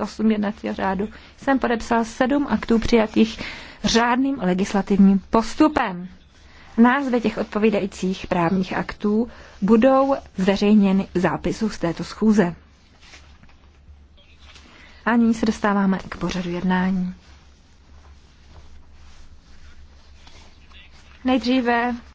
8 jednacího řádu jsem podepsal sedm aktů přijatých řádným legislativním postupem. Názvy těch odpovídajících právních aktů budou zveřejněny v zápisu z této schůze. A nyní se dostáváme k pořadu jednání. Nejdříve